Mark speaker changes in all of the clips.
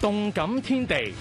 Speaker 1: 動感天地，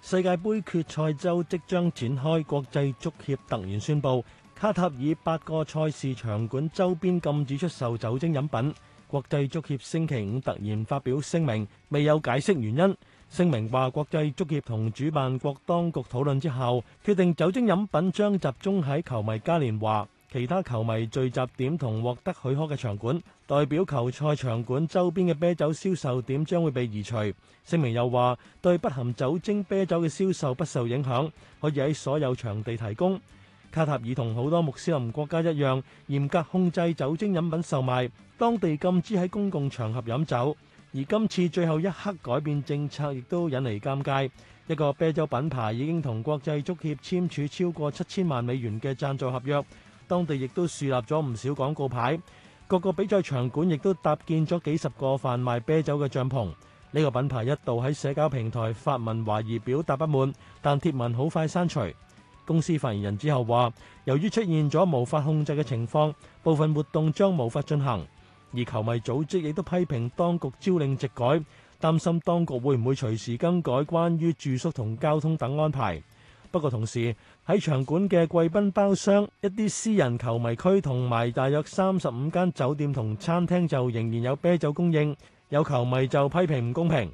Speaker 1: 世界杯決賽周即將展開，國際足協突然宣布，卡塔爾八個賽事場館周邊禁止出售酒精飲品。國際足協星期五突然發表聲明，未有解釋原因。聲明話，國際足協同主辦國當局討論之後，決定酒精飲品將集中喺球迷嘉年華。其他球迷聚集點同獲得許可嘅場館，代表球賽場館周邊嘅啤酒銷售點將會被移除。聲明又話，對不含酒精啤酒嘅銷售不受影響，可以喺所有場地提供。卡塔爾同好多穆斯林國家一樣，嚴格控制酒精飲品售賣，當地禁止喺公共場合飲酒。而今次最後一刻改變政策，亦都引嚟尷尬。一個啤酒品牌已經同國際足協簽署超過七千萬美元嘅贊助合約。當地亦都樹立咗唔少廣告牌，各個比賽場館亦都搭建咗幾十個販賣啤酒嘅帳篷。呢、這個品牌一度喺社交平台發文懷疑表達不滿，但貼文好快刪除。公司發言人之後話，由於出現咗無法控制嘅情況，部分活動將無法進行。而球迷組織亦都批評當局朝令夕改，擔心當局會唔會隨時更改關於住宿同交通等安排。不過同時喺場館嘅貴賓包廂，一啲私人球迷區同埋大約三十五間酒店同餐廳就仍然有啤酒供應，有球迷就批評唔公平。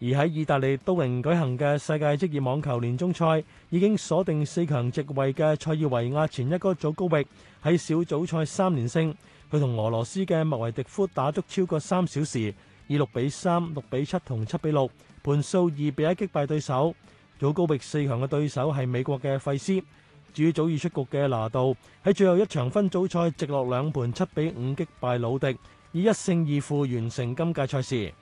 Speaker 1: 而喺意大利都靈舉行嘅世界職業網球年終賽，已經鎖定四強席位嘅塞爾維亞前一哥祖高域喺小組賽三連勝，佢同俄羅斯嘅麥維迪夫打足超過三小時，以六比三、六比七同七比六盤數二比一擊敗對手。祖高域四強嘅對手係美國嘅費斯，至於早已出局嘅拿度喺最後一場分組賽直落兩盤七比五擊敗魯迪，以一勝二負完成今屆賽事。